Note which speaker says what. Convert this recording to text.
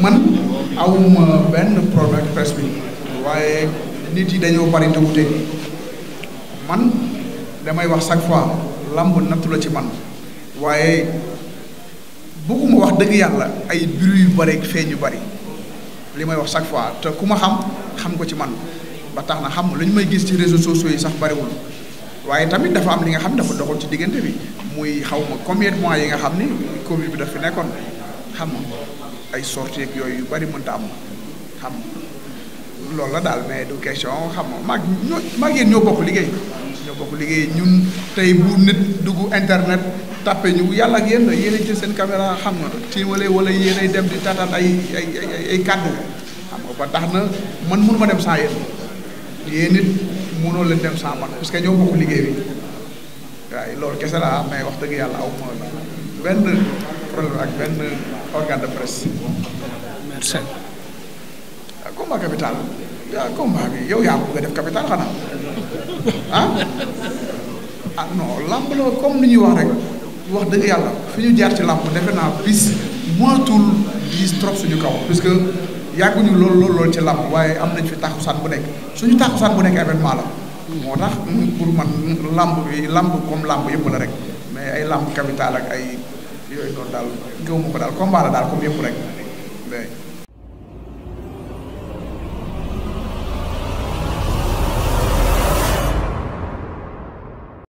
Speaker 1: man awuma benn problème presse bi waaye nit yi dañoo bari te wute man damay wax chaque fois lamb nattu la ci man waaye bëgguma wax dëgg yàlla ay bruit yu bari ak feeñ yu bari li may wax chaque fois te ku ma xam xam ko ci man ba tax na xam lu ñu may gis ci réseaux sociaux yi sax bariwul waaye tamit dafa am li nga xam dafa doxal ci diggante bi muy xaw ma combien de mois yi nga xam ni Covid bi daf fi nekkoon. xam ay sorties ak yooyu yu bari mënta am xam loolu la daal mais du question xam na ñoo maag ñoo bokk liggéey ñoo bokk liggéey ñun tey bu nit dugg internet tàppe ñu yàlla ak yéen la yéen a jël seen caméra xam nga ci wala wala yéen ay dem di tataan ay ay ay ay kàddu xam na ba tax na man mënu ma dem sans yéen yéen it mënoo leen dem sans man parce que ñoo bokk liggéey bi waaye loolu kese la mais wax dëgg yàlla aw ma benn. problème ak benn organe de presse. merci. ah combat capital ah combat bi yow yaa bëgg a def capital xanaa ah ah non la comme ni ñuy wax rek wax dëgg yàlla fi ñu jaar ci làmp defe naa bis moytul bis trop suñu kaw parce que yàgguñu lool lool lool ci làmb waaye am nañ fi taxusaan bu nekk suñu taxusaan bu nekk événement la. moo tax pour man làmb bi làmb comme làmb yëpp la rek mais ay làmp capital ak ay. yooyu noonu daal gëw ma ko daal combat la daal comme yëpp rek.